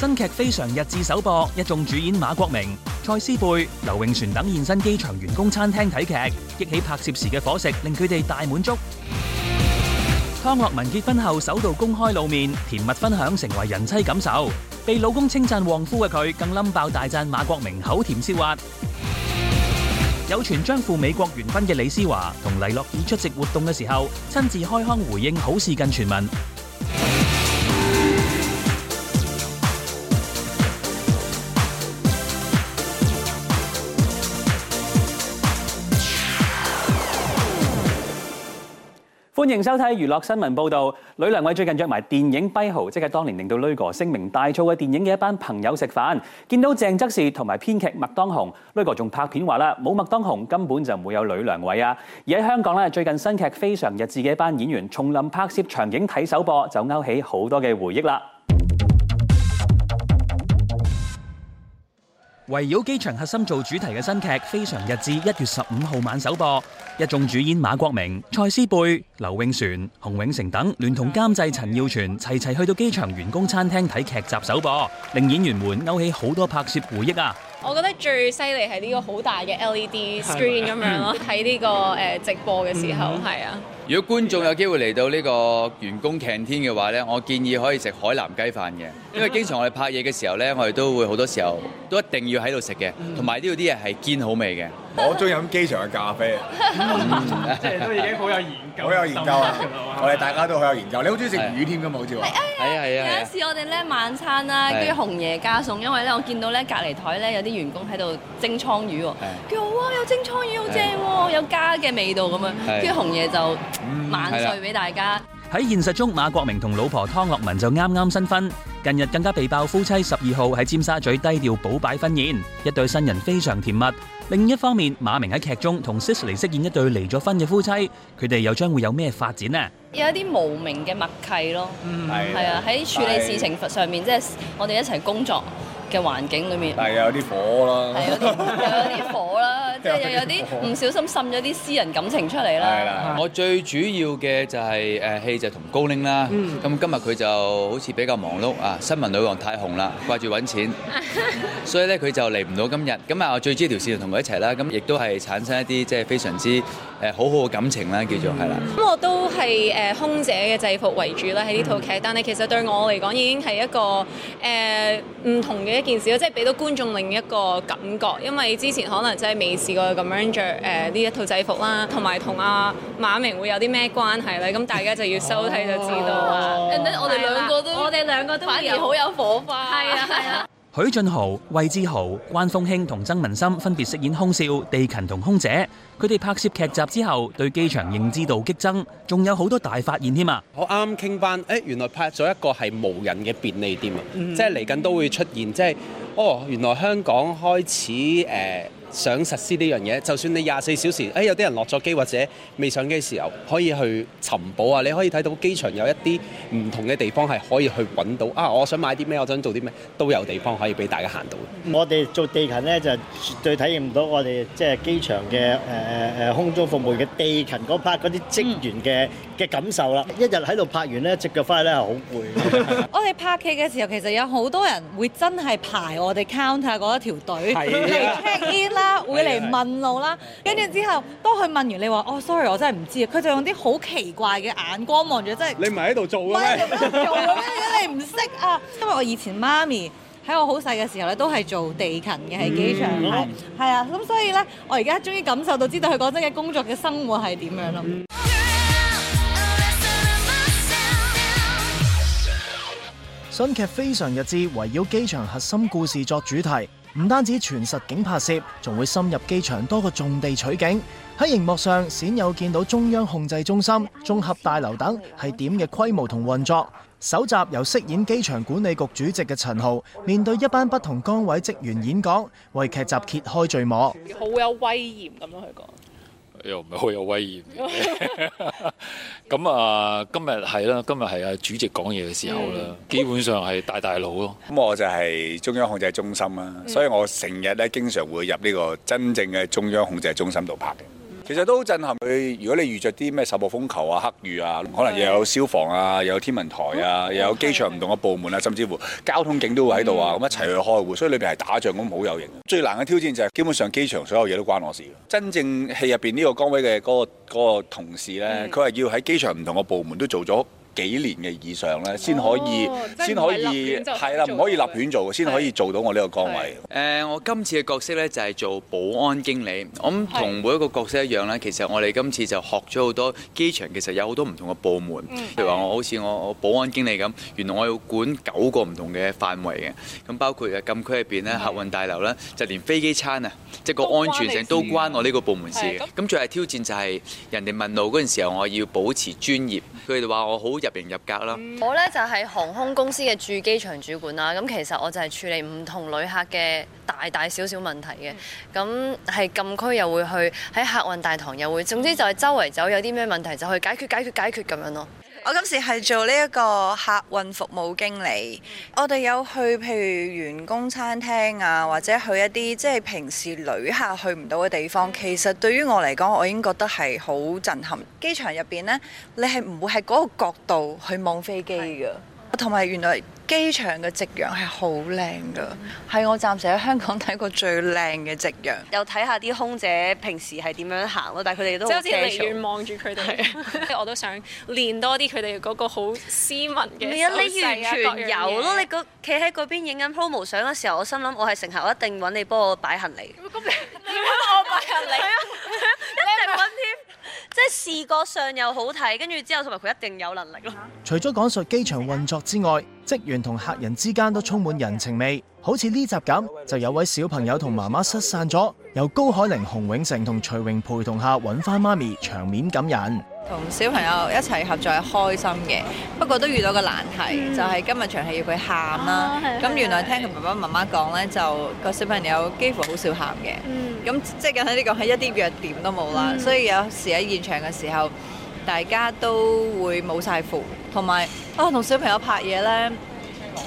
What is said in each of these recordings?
新劇非常日誌首播，一眾主演馬國明、蔡思貝、劉穎璇等現身機場員工餐廳睇劇，激起拍攝時嘅伙食，令佢哋大滿足。湯洛雯結婚後首度公開露面，甜蜜分享成為人妻感受，被老公稱讚旺夫嘅佢更冧爆大讚馬國明口甜舌滑。有傳將赴美國完婚嘅李施嬅同黎諾懿出席活動嘅時候，親自開腔回應好事近傳聞。歡迎收睇娛樂新聞報道。呂良偉最近約埋電影跛豪，即係當年令到呂哥聲名大噪嘅電影嘅一班朋友食飯。見到鄭則仕同埋編劇麥當雄，呂哥仲拍片話啦：冇麥當雄，根本就唔會有呂良偉啊！而喺香港咧，最近新劇非常日誌嘅一班演員重臨拍攝場景睇首播，就勾起好多嘅回憶啦。圍繞機場核心做主題嘅新劇《非常日誌》一月十五號晚首播，一眾主演馬國明、蔡思貝、劉永璇、洪永城等，聯同監製陳耀全，齊齊去到機場員工餐廳睇劇集首播，令演員們勾起好多拍攝回憶啊！我覺得最犀利係呢個好大嘅 LED screen 咁樣咯，喺、嗯、呢個誒直播嘅時候係啊。嗯如果觀眾有機會嚟到呢個員工 canteen 嘅話呢，我建議可以食海南雞飯嘅，因為經常我哋拍嘢嘅時候呢，我哋都會好多時候都一定要喺度食嘅，同埋呢度啲嘢係堅好味嘅。我中意飲機場嘅咖啡，即係都已經好有研究，好有研究啊！我哋大家都好有研究，你好中意食魚添㗎嘛？好似話啊，係啊！有一次我哋咧晚餐啦，跟住紅爺加餸，因為咧我見到咧隔離台咧有啲員工喺度蒸倉魚喎，佢好有蒸倉魚好正喎，有家嘅味道咁樣，跟住紅爺就晚睡俾大家。喺現實中，馬國明同老婆湯洛雯就啱啱新婚，近日更加被爆夫妻十二號喺尖沙咀低調補擺婚宴，一對新人非常甜蜜。另一方面，馬明喺劇中同 Sisley 飾演一對離咗婚嘅夫妻，佢哋又將會有咩發展呢？有一啲無名嘅默契咯，嗯，係啊的，喺處理事情上面，即係的我哋一齊工作嘅環境裏面，係啊，有啲火啦，係啊，有啲火啦。 即係又有啲唔小心滲咗啲私人感情出嚟啦。係啦的，我最主要嘅就係誒戲就同高 Ling 啦。咁、嗯、今日佢就好似比較忙碌啊，新聞女王太紅啦，掛住揾錢， 所以咧佢就嚟唔到今日。咁啊，我最主要條線同佢一齊啦。咁亦都係產生一啲即係非常之誒、呃、好好嘅感情啦，叫做係啦。咁、嗯、的我都係誒、呃、空姐嘅制服為主啦，喺呢套劇，嗯、但係其實對我嚟講已經係一個誒唔、呃、同嘅一件事咯，即係俾到觀眾另一個感覺，因為之前可能真係未。個咁樣著誒呢一套制服啦，同埋同阿馬明會有啲咩關係咧？咁大家就要收睇就知道啊！我哋兩個都，我哋兩個都反而好有火花，係啊係啊！許俊豪、魏之豪、關風興同曾文心分別飾演空少、地勤同空姐。佢哋拍攝劇集之後，對機場認知度激增，仲有好多大發現添啊！我啱傾翻，誒原來拍咗一個係無人嘅便利店啊！即係嚟緊都會出現，即係哦，原來香港開始誒。想實施呢樣嘢，就算你廿四小時，誒有啲人落咗機或者未上機嘅時候，可以去尋寶啊！你可以睇到機場有一啲唔同嘅地方係可以去揾到啊！我想買啲咩，我想做啲咩，都有地方可以俾大家行到。 我哋做地勤呢，就絕對體驗唔到我哋即係機場嘅誒誒空中服務嘅地勤嗰 part 嗰啲職員嘅嘅、嗯、感受啦。一日喺度拍完呢，隻腳翻去咧，係好攰。 我哋拍劇嘅時候，其實有好多人會真係排我哋 count 下一條隊嚟啦，會嚟問路啦，跟住之後，當佢問完你話，哦，sorry，我真係唔知，佢就用啲好奇怪嘅眼光望住，即係你唔係喺度做嘅咩？做嘅咩？你唔識啊？ 因為我以前媽咪喺我好細嘅時候咧，都係做地勤嘅，喺機場係啊，咁、嗯、所以咧，我而家終於感受到，知道佢講真嘅工作嘅生活係點樣咯。新劇非常熱烈，圍繞機場核心故事作主題。唔單止全實景拍攝，仲會深入機場多個重地取景。喺熒幕上，鮮有見到中央控制中心、綜合大樓等係點嘅規模同運作。首集由飾演機場管理局主席嘅陳豪面對一班不同崗位職員演講，為劇集揭開序幕。好有威嚴咁樣去講。又唔係好有威嚴嘅、 嗯，咁啊今日係啦，今日係啊主席講嘢嘅時候啦， 基本上係大大佬咯。咁我就係中央控制中心啦，所以我成日咧經常會入呢個真正嘅中央控制中心度拍嘅。其實都震撼佢。如果你遇着啲咩十號風球啊、黑雨啊，可能又有消防啊、又有天文台啊、嗯、又有機場唔同嘅部門啊，甚至乎交通警都會喺度啊，咁、嗯、一齊去開會，所以裏邊係打仗咁好有型。最難嘅挑戰就係基本上機場所有嘢都關我事。真正戲入邊呢個崗位嘅嗰、嗰個嗰個同事呢，佢係、嗯、要喺機場唔同嘅部門都做咗幾年嘅以上咧，先可以，先、哦、可以，係啦，唔可以立亂做先可以做到我呢個崗位。誒、呃，我今次嘅角色咧就係、是、做保安經理。我諗同每一個角色一樣咧，的其實我哋今次就學咗好多機場。其實有好多唔同嘅部門，譬的如話我好似我保安經理咁，原來我要管九個唔同嘅範圍嘅。咁包括禁區入邊咧、的客運大樓咧，就連飛機餐啊，即、就、係、是、個安全性都關我呢個部門事嘅。咁最係挑戰就係、是、人哋問路嗰陣時候，我要保持專業。佢哋話我好。入型入格啦！我呢就係、是、航空公司嘅駐機場主管啦，咁其實我就係處理唔同旅客嘅大大小小問題嘅，咁係禁區又會去喺客運大堂又會，總之就係周圍走，有啲咩問題就去解決解決解決咁樣咯。我今次係做呢一個客運服務經理，嗯、我哋有去譬如員工餐廳啊，或者去一啲即係平時旅客去唔到嘅地方。其實對於我嚟講，我已經覺得係好震撼。機場入邊呢，你係唔會喺嗰個角度去望飛機㗎，同埋的原來。機場嘅夕陽係好靚㗎，係、mm hmm. 我暫時喺香港睇過最靚嘅夕陽。又睇下啲空姐平時係點樣行咯，但係佢哋都即係好遠望住佢哋，即對 我都想練多啲佢哋嗰個好斯文嘅、啊。你完全有咯！你企喺嗰邊影緊 promo 相嘅時候，我心諗我係乘客我一定揾你幫我擺行李。咁 你 我擺行李？係 啊， 一隻揾添。 即係視覺上又好睇，跟住之後同埋佢一定有能力咯。除咗講述機場運作之外，職員同客人之間都充滿人情味，好似呢集咁，就有位小朋友同媽媽失散咗，由高海寧、洪永城同徐榮陪同下揾翻媽咪，場面感人。同小朋友一齊合作係開心嘅，不過都遇到個難題，嗯、就係今日場戲要佢喊啦。咁、啊、原來聽同爸爸媽媽講呢，就個小朋友幾乎好少喊嘅。咁、嗯、即係簡單啲講，係、呢個、一啲弱點都冇啦。嗯、所以有時喺現場嘅時候，大家都會冇晒符，同埋哦，同、啊、小朋友拍嘢呢，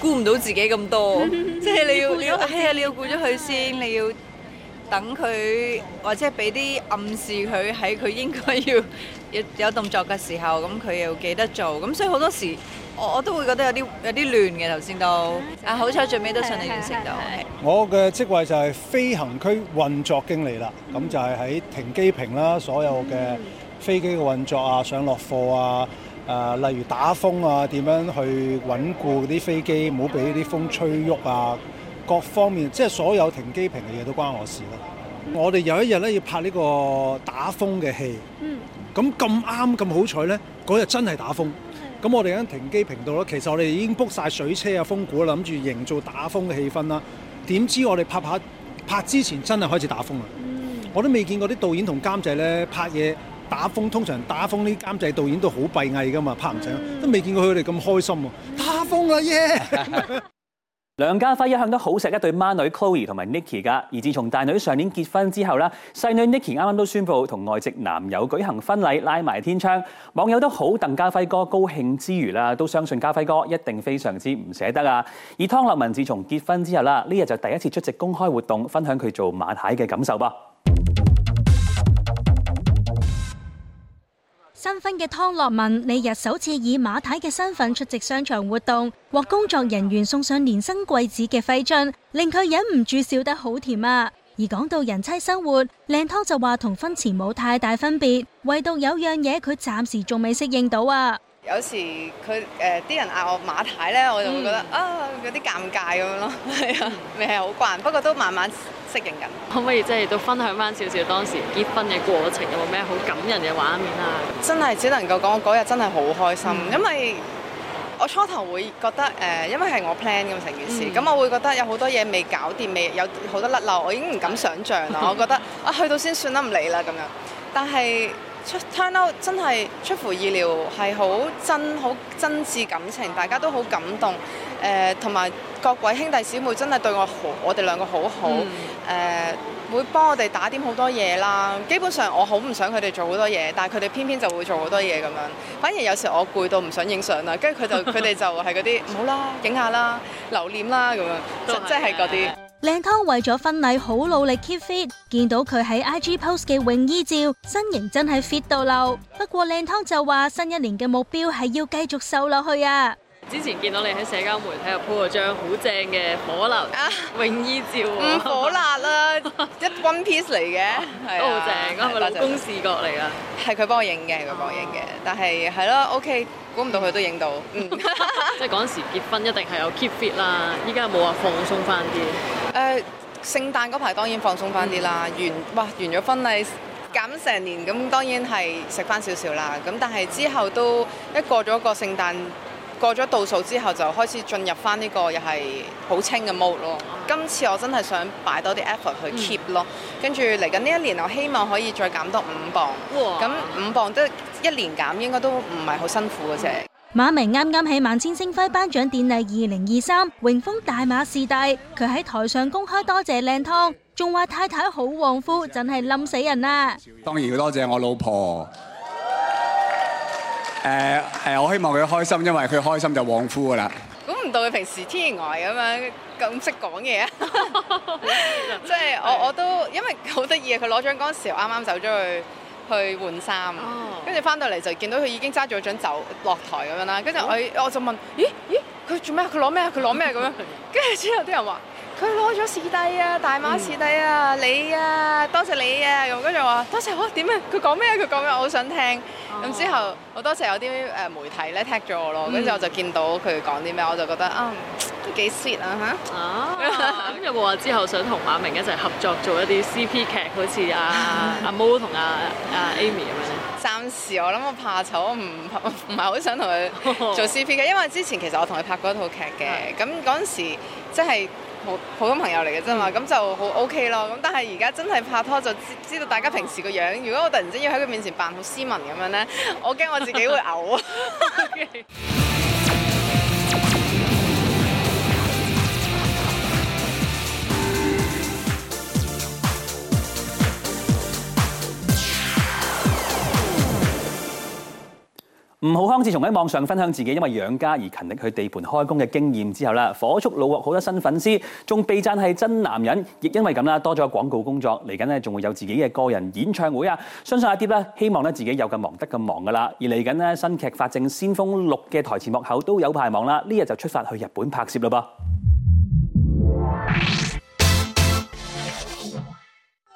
顧唔到自己咁多，嗯、即係你要 你要係啊、嗯要哎，你要顧咗佢先，你要等佢或者俾啲暗示佢喺佢應該要。有有動作嘅時候，咁佢又記得做，咁所以好多時我我都會覺得有啲有啲亂嘅，頭先都，啊好彩最尾都順利完成到。我嘅職位就係飛行區運作經理啦，咁就係喺停機坪啦，所有嘅飛機嘅運作啊、上落貨啊、誒例如打風啊，點樣去穩固啲飛機，唔好俾啲風吹喐啊，各方面即係所有停機坪嘅嘢都關我事啦。我哋有一日咧要拍呢個打風嘅戲，咁咁啱咁好彩咧，嗰日真係打風。咁、嗯、我哋喺停機頻道咧，其實我哋已經 book 晒水車啊、風鼓啦，諗住營造打風嘅氣氛啦。點知我哋拍拍拍之前真係開始打風啦！嗯、我都未見過啲導演同監製咧拍嘢打風，通常打風啲監製、導演都好閉翳㗎嘛，拍唔成，嗯、都未見過佢哋咁開心喎！嗯、打風啦耶！Yeah! 梁家輝一向都好錫一對孖女 Chloe 同埋 Nicky 噶，而自從大女上年結婚之後呢細女 Nicky 啱啱都宣布同外籍男友舉行婚禮拉埋天窗。網友都好鄧家輝哥高興之餘啦，都相信家輝哥一定非常之唔捨得啊！而湯洛雯自從結婚之後啦，呢日就第一次出席公開活動，分享佢做馬太嘅感受噃。新婚嘅湯洛雯，呢日首次以馬太嘅身份出席商場活動，獲工作人員送上年生貴子嘅徽章，令佢忍唔住笑得好甜啊！而講到人妻生活，靚湯就話同婚前冇太大分別，唯獨有樣嘢佢暫時仲未適應到啊。有時佢誒啲人嗌我馬太咧，我就會覺得、嗯、啊，有啲尷尬咁樣咯。係啊，未係好慣，不過都慢慢適應緊。可唔可以即係都分享翻少少當時結婚嘅過程，有冇咩好感人嘅畫面啊？嗯、真係只能夠講，我嗰日真係好開心，嗯、因為我初頭會覺得誒、呃，因為係我 plan 咁成件事，咁、嗯、我會覺得有好多嘢未搞掂，未有好多甩漏，我已經唔敢想象啦。我覺得我、啊、去到先算啦，唔理啦咁樣。但係。出真係出乎意料，係好真好真摯感情，大家都好感動。誒、呃，同埋各位兄弟姊妹真係對我好，我哋兩個好好。誒、嗯呃，會幫我哋打點好多嘢啦。基本上我好唔想佢哋做好多嘢，但係佢哋偏偏就會做好多嘢咁樣。反而有時我攰到唔想影相 啦，跟住佢就佢哋就係嗰啲唔好啦，影下啦，留念啦咁樣，即係即係嗰啲。靚湯為咗婚禮好努力 keep fit，見到佢喺 IG post 嘅泳衣照，身形真係 fit 到漏。不過靚湯就話，新一年嘅目標係要繼續瘦落去啊！之前見到你喺社交媒體度 po 個張好正嘅火辣、啊、火辣泳衣照，唔火辣啦，一 one piece 嚟嘅，啊啊、都好正，啊，係咪老公視角嚟啊？係佢幫我影嘅，佢幫我影嘅，但係係咯，OK，估唔到佢都影到，嗯， 即係嗰時結婚一定係有 keep fit 啦，依家冇話放鬆翻啲。誒、呃，聖誕嗰排當然放鬆翻啲啦，嗯、完哇，完咗婚禮，減成年，咁當然係食翻少少啦，咁但係之後都一過咗個聖誕。過咗倒數之後，就開始進入翻呢個又係好清嘅 mode 咯。今次我真係想擺多啲 effort 去 keep 咯，跟住嚟緊呢一年，我希望可以再減多五磅。咁五哇磅都一年減，應該都唔係好辛苦嘅啫。嗯、馬明啱啱喺萬千星輝頒獎典禮二零二三榮封大馬視帝，佢喺台上公開多謝靚湯，仲話太太好旺夫，真係冧死人啦。當然要多謝我老婆。誒誒、呃呃，我希望佢開心，因為佢開心就旺夫噶啦。估唔到佢平時天然呆咁樣咁識講嘢啊！即係 我的我都因為好得意啊！佢攞獎嗰陣時候剛剛，啱啱走咗去去換衫，跟住翻到嚟就見到佢已經揸住個獎走落台咁樣啦。跟住我、哦、我就問：咦咦，佢做咩？佢攞咩？佢攞咩咁樣？跟住 之後啲人話。佢攞咗視帝啊，大馬視帝啊，嗯、你啊，多謝你啊，咁跟住話，多謝我，點啊？佢講咩啊？佢講咩？我好想聽。咁、哦、之後，好多謝有啲誒媒體咧踢咗我咯，跟住、嗯、我就見到佢講啲咩，我就覺得啊，幾 shit 啊嚇。咁有冇話之後想同馬明一齊合作做一啲 CP 劇，好似阿阿 Mo 同阿阿 Amy 咁樣咧？暫時我諗我怕醜，唔唔唔係好想同佢做 CP 嘅，因為之前其實我同佢拍過一套劇嘅，咁嗰陣時、嗯、時即係。好普通朋友嚟嘅啫嘛，咁就好 OK 咯。咁但係而家真係拍拖就知道大家平時個樣。如果我突然之間要喺佢面前扮好斯文咁樣呢，我驚我自己會嘔。 okay. 吳浩康自從喺網上分享自己因為養家而勤力去地盤開工嘅經驗之後啦，火速擄獲好多新粉絲，仲被讚係真男人，亦因為咁啦，多咗廣告工作，嚟緊咧仲會有自己嘅個人演唱會啊！相信阿 D 希望自己有咁忙得咁忙噶啦，而嚟緊咧新劇《法證先鋒六》嘅台前幕後都有排忙啦，呢日就出發去日本拍攝啦噃！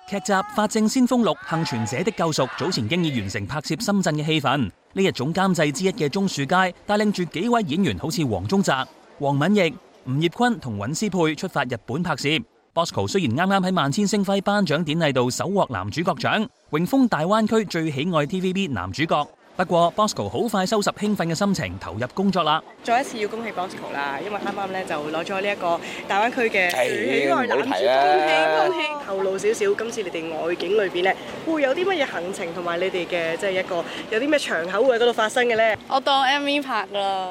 劇集《法證先鋒六：幸存者的救贖》早前經已完成拍攝深圳嘅戲份。呢日總監製之一嘅鍾樹佳帶領住幾位演員，好似黃宗澤、黃敏奕、吳業坤同尹思沛出發日本拍攝。Bosco 雖然啱啱喺萬千星輝頒獎典禮度首獲男主角獎，榮封大灣區最喜愛 TVB 男主角。不過 Bosco 好快收拾興奮嘅心情，投入工作啦。再一次要恭喜 Bosco 啦，因為啱啱咧就攞咗呢一個大灣區嘅喜愛男子啊，恭喜恭喜！透露少少，今次你哋外景裏邊咧會有啲乜嘢行程，同埋你哋嘅即係一個有啲咩場口會喺度發生嘅咧？我當 MV 拍噶啦，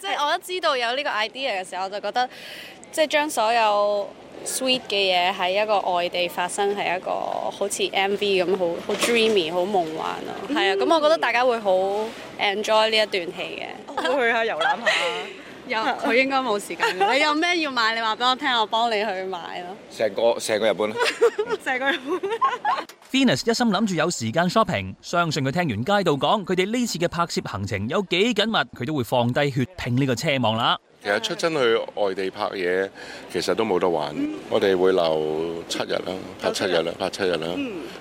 即係 我一知道有呢個 idea 嘅時候，我就覺得即係將所有 Sweet 嘅嘢喺一個外地發生，係一個好似 MV 咁，好好 dreamy，好夢幻咯。係啊，咁、嗯嗯、我覺得大家會好 enjoy 呢一段戲嘅。去下遊覽下，有佢 應該冇時間。你有咩要買？你話俾我聽，我幫你去買咯。成個成個日本啦，成個日本。Finnus 一心諗住有時間 shopping，相信佢聽完街道講，佢哋呢次嘅拍攝行程有幾緊密，佢都會放低血拼呢個奢望啦。其實出真去外地拍嘢，其實都冇得玩。嗯、我哋會留七日啦，拍七日啦，拍七日啦。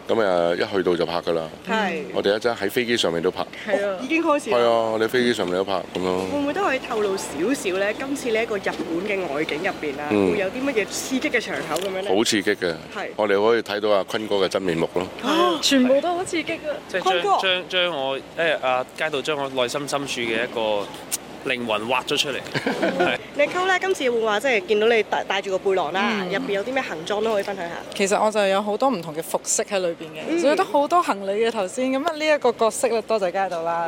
咁啊、嗯，一去到就拍噶啦。係、嗯。我哋一陣喺飛機上面都拍。係啊、哦，已經開始。係啊，我哋飛機上面都拍咁咯。會唔會都可以透露少少咧？今次呢一個日本嘅外景入邊啊，嗯、會有啲乜嘢刺激嘅場口咁樣咧？好刺激嘅。係是。我哋可以睇到阿坤哥嘅真面目咯、啊。全部都好刺激、哎、啊！坤哥，將將我誒阿街道將我內心深處嘅一個、嗯。靈魂挖咗出嚟。你溝咧，今次會話即係見到你帶帶住個背囊啦，入邊有啲咩行裝都可以分享下？其實我就有好多唔同嘅服飾喺裏邊嘅，所以都好多行李嘅頭先咁啊。呢一個角色咧，多謝街度啦，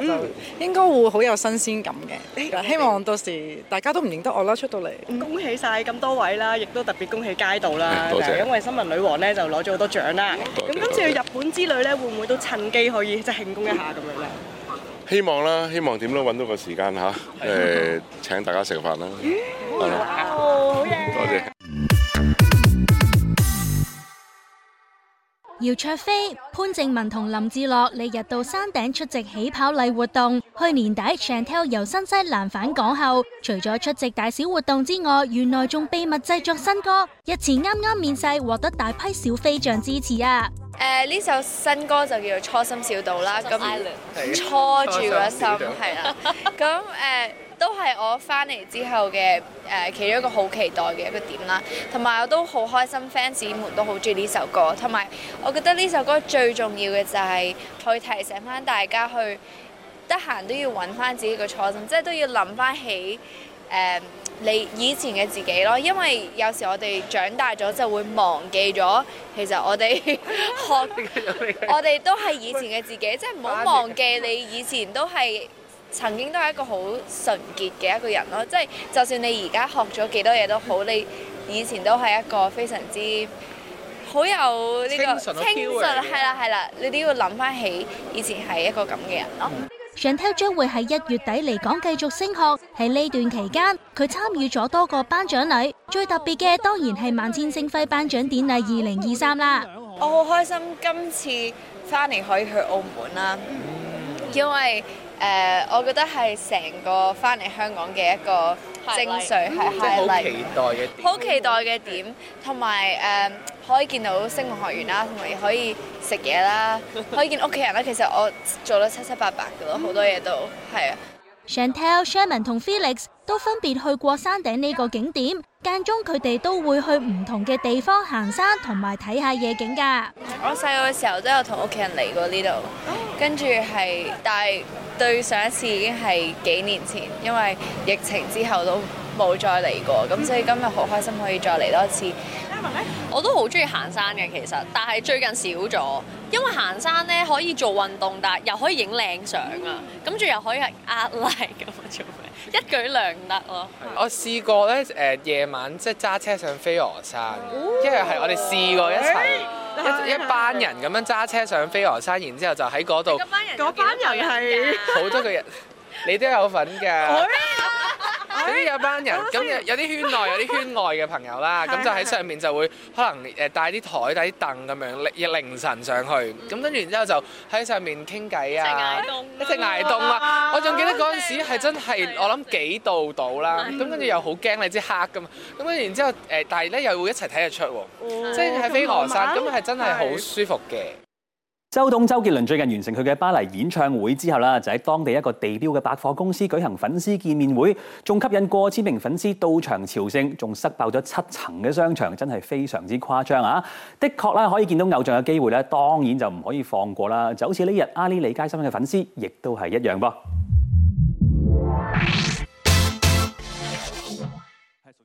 應該會好有新鮮感嘅。希望到時大家都唔認得我啦出到嚟。恭喜晒咁多位啦，亦都特別恭喜街度啦，因為新聞女王咧就攞咗好多獎啦。咁今次去日本之旅咧，會唔會都趁機可以即係慶功一下咁樣咧？希望啦，希望點都揾到個時間吓，誒、啊呃、請大家食飯啦。多、啊哦、謝，謝。姚卓菲、潘靜文同林志樂，你日到山頂出席起跑禮活動。去年底 Chantelle 由新西蘭返港後，除咗出席大小活動之外，原來仲秘密製作新歌。日前啱啱面世，獲得大批小飛象支持啊！誒呢、uh, 首新歌就叫做《初心小島》啦，咁初住個心係啦，咁誒、uh, 都係我翻嚟之後嘅誒其中一個好期待嘅一個點啦，同埋我都好開心，fans 們都好中意呢首歌，同埋我覺得呢首歌最重要嘅就係去提醒翻大家去得閒都要揾翻自己個初心，即係都要諗翻起。誒，um, 你以前嘅自己咯，因為有時我哋長大咗就會忘記咗，其實我哋 學， 我哋都係以前嘅自己，即係唔好忘記你以前都係曾經都係一個好純潔嘅一個人咯，即、就、係、係、就算你而家學咗幾多嘢都好，嗯、你以前都係一個非常之好有呢、呢個，清純係啦係啦，你都要諗翻起以前係一個咁嘅人咯。嗯。上跳將會喺一月底嚟港繼續升學，喺呢段期間佢參與咗多個頒獎禮，最特別嘅當然係萬千星輝頒獎典禮二零二三啦。我好開心今次翻嚟可以去澳門啦，因為。誒，uh, 我覺得係成個翻嚟香港嘅一個精髓係 h 好期待嘅點，好期待嘅點，同埋誒可以見到星夢學園啦，同埋可以食嘢啦， 可以見屋企人啦。其實我做咗七七八八嘅咯，好多嘢都係啊。c h a n t e l Sherman 同 Felix 都分別去過山頂呢個景點，間中佢哋都會去唔同嘅地方行山同埋睇下夜景㗎。我細個嘅時候都有同屋企人嚟過呢度，跟住係，但係。對上一次已經係幾年前，因為疫情之後都冇再嚟過，咁所以今日好開心可以再嚟多一次。嗯、我都好中意行山嘅其實，但係最近少咗，因為行山呢可以做運動，但係又可以影靚相啊，跟住、嗯、又可以係壓力咁樣做咩？一舉兩得咯。我試過呢誒夜、呃、晚即係揸車上飛鵝山，哦、因為係我哋試過一齊。哎一一班人咁樣揸車上飛鵝山，然之後就喺嗰度。嗰班人係好多， 多個人， 你都有份㗎。 咁 有班人，咁有有啲圈內有啲圈外嘅朋友啦，咁 就喺上面就會可能誒帶啲台帶啲凳咁樣，凌凌晨上去，咁跟住然之後就喺上面傾偈啊，一直挨凍啊！啊我仲記得嗰陣時係真係我諗幾度到啦，咁跟住又好驚你知黑噶嘛，咁跟住然之後誒，但係咧又會一齊睇日出喎，哦、即係喺飛鵝山咁係、嗯、真係好舒服嘅。周董、周杰倫最近完成佢嘅巴黎演唱會之後啦，就喺當地一個地標嘅百貨公司舉行粉絲見面會，仲吸引過千名粉絲到場朝聖，仲塞爆咗七層嘅商場，真係非常之誇張啊！的確啦，可以見到偶像嘅機會咧，當然就唔可以放過啦，就好似呢日阿 Lee 李佳芯嘅粉絲，亦都係一樣噃。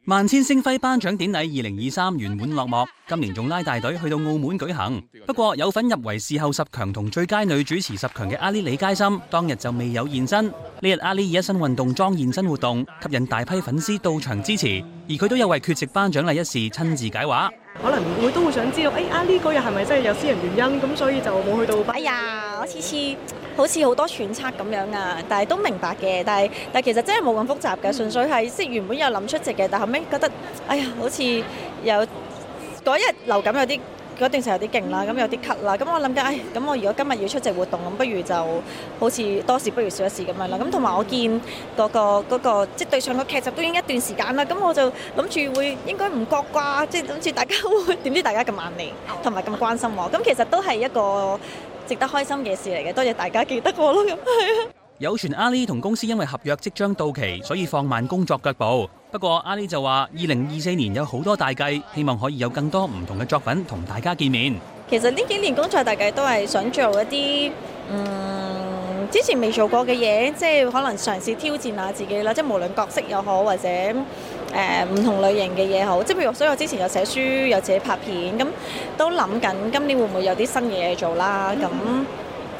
萬千星輝頒獎典禮二零二三圓滿落幕，今年仲拉大隊去到澳門舉行。不過有份入圍視后十強同最佳女主持十強嘅阿麗李佳芯當日就未有現身。呢日阿麗以一身運動裝現身活動，吸引大批粉絲到場支持，而佢都有為缺席頒獎禮一事親自解話。可能會都會想知道，哎啊呢嗰日係咪真係有私人原因咁，所以就冇去到。哎呀，我次次好似好多揣測咁樣啊！但係都明白嘅，但係但係其實真係冇咁複雜嘅，純粹係即係原本有諗出席嘅，但後尾覺得，哎呀，好似有嗰日流感有啲。嗰段時有啲勁啦，咁有啲咳啦，咁我諗緊唉，咁、哎、我如果今日要出席活動，咁不如就好似多事不如少一事咁樣啦。咁同埋我見嗰、嗰個嗰、嗰個、嗰個、即對上個劇集都已經一段時間啦，咁我就諗住會應該唔覺啩，即係好似大家會點知大家咁眼利同埋咁關心我，咁其實都係一個值得開心嘅事嚟嘅。多謝大家記得我咯，咁係啊。有傳阿 l e 同公司因為合約即將到期，所以放慢工作腳步。不過阿 l e 就話：二零二四年有好多大計，希望可以有更多唔同嘅作品同大家見面。其實呢幾年工作大計都係想做一啲嗯之前未做過嘅嘢，即係可能嘗試挑戰下自己啦。即係無論角色又好，或者誒唔、呃、同類型嘅嘢好，即係譬如所以我之前又寫書有自己拍片，咁都諗緊今年會唔會有啲新嘢做啦？咁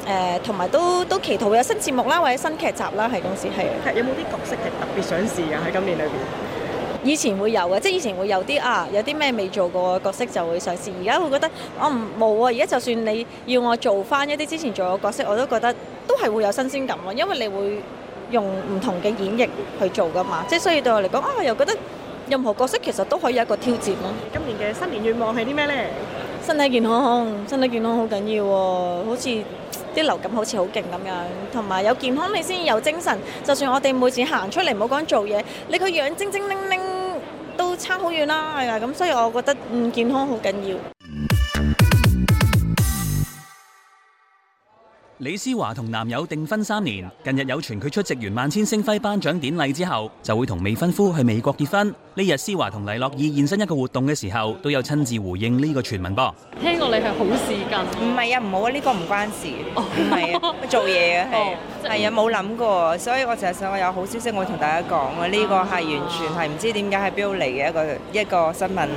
誒，同埋都都祈禱有新節目啦，或者新劇集啦，喺公司係係有冇啲角色係特別想試啊？喺今年裏邊，以前會有嘅，即係以前會有啲啊，有啲咩未做過嘅角色就會想試。而家會覺得，我唔冇啊。而家就算你要我做翻一啲之前做過嘅角色，我都覺得都係會有新鮮感咯，因為你會用唔同嘅演繹去做噶嘛。即係所以對我嚟講，啊我又覺得任何角色其實都可以有一個挑戰咯。今年嘅新年願望係啲咩咧？身體健康，身體健康好緊要喎，好似～啲流感好似好勁咁樣，同埋有，有健康你先有精神。就算我哋每次行出嚟，唔好講做嘢，你個樣精精靈靈都差好遠啦。係啊，咁所以我覺得嗯健康好緊要。李思華同男友訂婚三年，近日有傳佢出席完萬千星輝頒獎典禮之後，就會同未婚夫去美國結婚。呢日思華同黎諾懿現身一個活動嘅時候，都有親自回應呢個傳聞噃。聽過你係好事噶？唔係啊，唔好啊，呢、這個唔關事。唔係啊，做嘢、 哦、啊，係係啊，冇諗過，所以我淨係想我有好消息我會同大家講啊。呢、這個係完全係唔知點解喺邊度嚟嘅，一個一個新聞，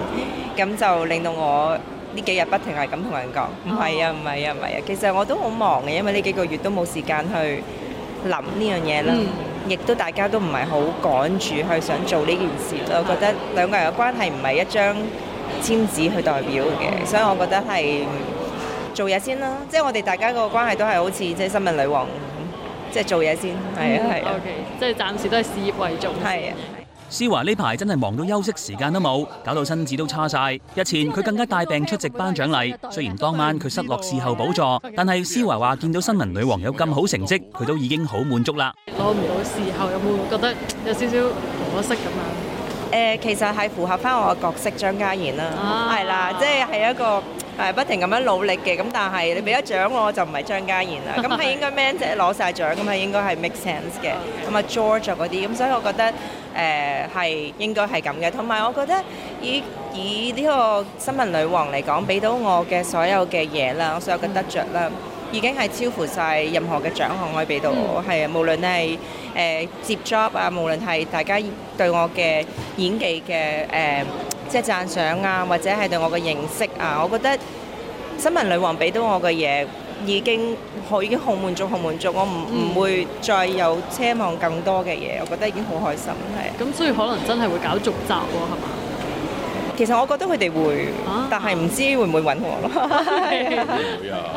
咁就令到我。呢幾日不停係咁同人講，唔係啊，唔係啊，唔係啊。其實我都好忙嘅，因為呢幾個月都冇時間去諗呢樣嘢啦。亦都、嗯、大家都唔係好趕住去想做呢件事、嗯、我覺得兩個人嘅關係唔係一張簽紙去代表嘅，嗯、所以我覺得係做嘢先啦。即係我哋大家個關係都係好似即係《新聞女王》，即係做嘢先，係啊，係。O K，即係暫時都係事業為重。係、啊。施嬅呢排真係忙到休息時間都冇，搞到身子都差晒。日前佢施嬅更加帶病出席頒獎禮，有有雖然當晚佢失落視後寶座，啊、但係施嬅話見到新聞女王有咁好成績，佢、嗯、都已經好滿足啦。攞唔到視後有冇覺得有少少可惜咁啊？誒、呃，其實係符合翻我嘅角色張家妍啦，係啦，即係係一個。係不停咁樣努力嘅，咁但係你俾得獎我，就唔係張家燕啦。咁係應該 Man 姐攞曬獎，咁係應該係 make sense 嘅。咁啊 George 嗰啲，咁所以我覺得誒係應該係咁嘅。同埋我覺得以以呢個新聞女王嚟講，俾到我嘅所有嘅嘢啦，我所有嘅得著啦，已經係超乎曬任何嘅獎項可以俾到我。係啊，無論係誒接 job 啊，無論係大家對我嘅演技嘅誒。即係讚賞啊，或者係對我嘅認識啊，我覺得新聞女王俾到我嘅嘢已經，我已經好滿足，好滿足，我唔唔、嗯、會再有奢望更多嘅嘢，我覺得已經好開心係。咁所以可能真係會搞續集喎，啊，係嘛？其實我覺得佢哋會，但係唔知會唔會揾我咯。會啊，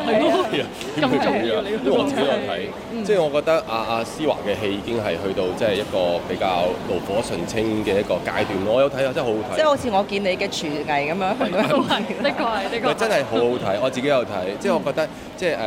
會啊，咁重要啊！我自己有睇，即係我覺得阿阿施華嘅戲已經係去到即係一個比較爐火純青嘅一個階段咯。我有睇下，真係好好睇。即係好似我見你嘅廚藝咁樣，都係的確係的確。真係好好睇，我自己有睇，即係我覺得即係誒誒誒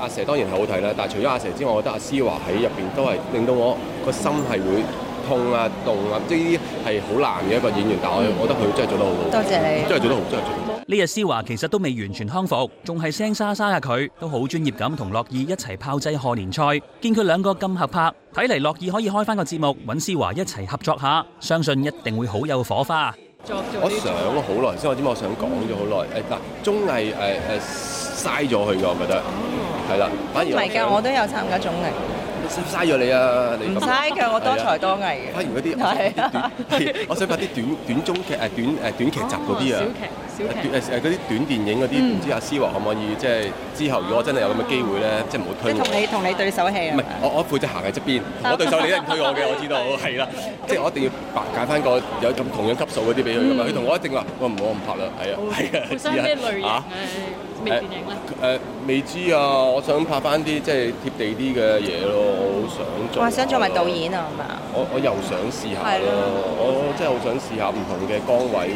阿佘當然係好睇啦，但係除咗阿佘之外，我覺得阿施華喺入邊都係令到我個心係會。痛啊，痛啊！即係呢啲係好難嘅一個演員，但係我覺得佢真係做得好好，多謝你，真係做得好，真係做得好。呢日思華其實都未完全康復，仲係聲沙沙嘅佢，都好專業咁同樂兒一齊炮製賀年賽。見佢兩個咁合拍，睇嚟樂兒可以開翻個節目，揾思華一齊合作下，相信一定會好有火花。我想好耐，我知點解我想講咗好耐？誒嗱，綜藝誒誒嘥咗佢嘅，我覺得係啦，反而唔係噶，我都有參加綜藝。唔嘥咗你啊！唔嘥，我多才多藝嘅。睇完嗰啲，我想拍啲短短中劇，誒短誒短劇集嗰啲啊。小劇，小劇誒誒嗰啲短電影嗰啲，唔知阿思華可唔可以即係之後？如果我真係有咁嘅機會咧，即係唔好推。你同你同你對手戲啊？唔係，我我負責行喺側邊，我對手你一定推過我嘅，我知道。係啦，即係我一定要揀翻個有咁同樣級數嗰啲俾佢。嗯。佢同我一定話：我唔好咁拍啦。係啊，係啊，而家啊。誒、哎哎，未知啊！我想拍翻啲即係貼地啲嘅嘢咯，我好想做。哇，想做埋導演啊，係咪啊？我我又想試下咯，嗯、我即係好想試下唔同嘅崗位，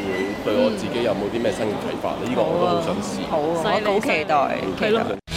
會對我自己有冇啲咩新嘅睇法。呢依、嗯、個我都好想試下好、啊。好、啊，好期待，期待。